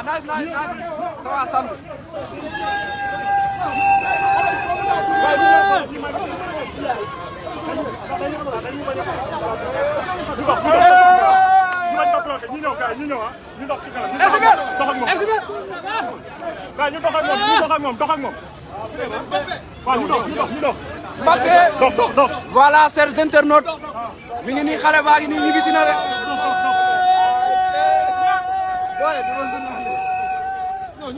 Nice, nice, nice. So awesome. ñu dox ñu dox ñu ñëw gars yi ñu ñëw ah ñu dox ci kanam. ñu dox ak moom ñu dox ak moom voilà chers mi ngi nii xale baa ngi nii ñibbisi na de.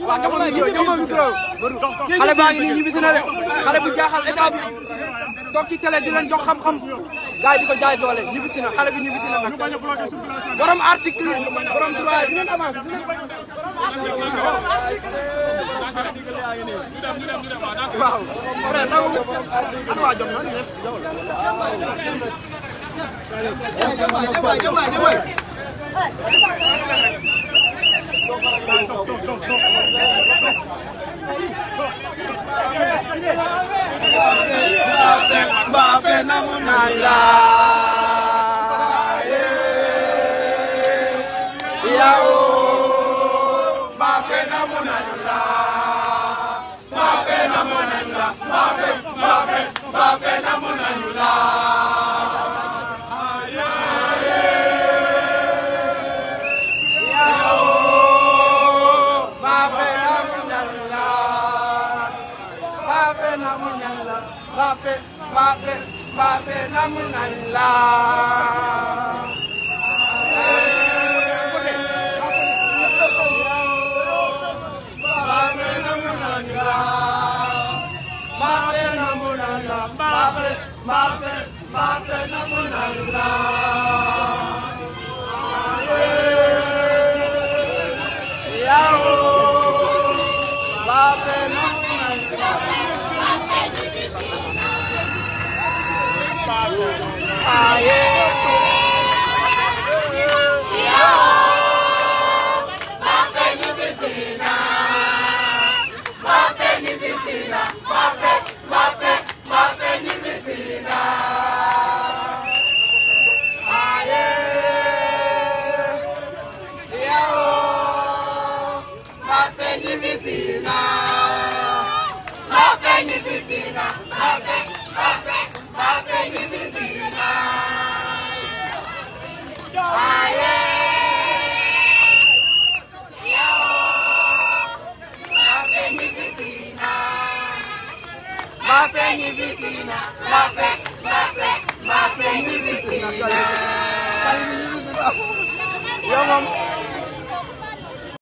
waaw jamono micro jamono baa ngi nii ñibbisi na xale bu jaaxal état toog ci télé di leen jox xam-xam gars yi di ko jaay doole ñibbisi na xale bi ñibbisi na nag borom article yi borom droit yi. waaw frère ndaw an waa jom na def jaww la. Bape, bape, bape, namunanla. Maafkan, maafkan, maafkan namun Allah. Ya Allah, maafkan namun Allah. Maafkan di sini. Maafkan. ma pe ni visina, ma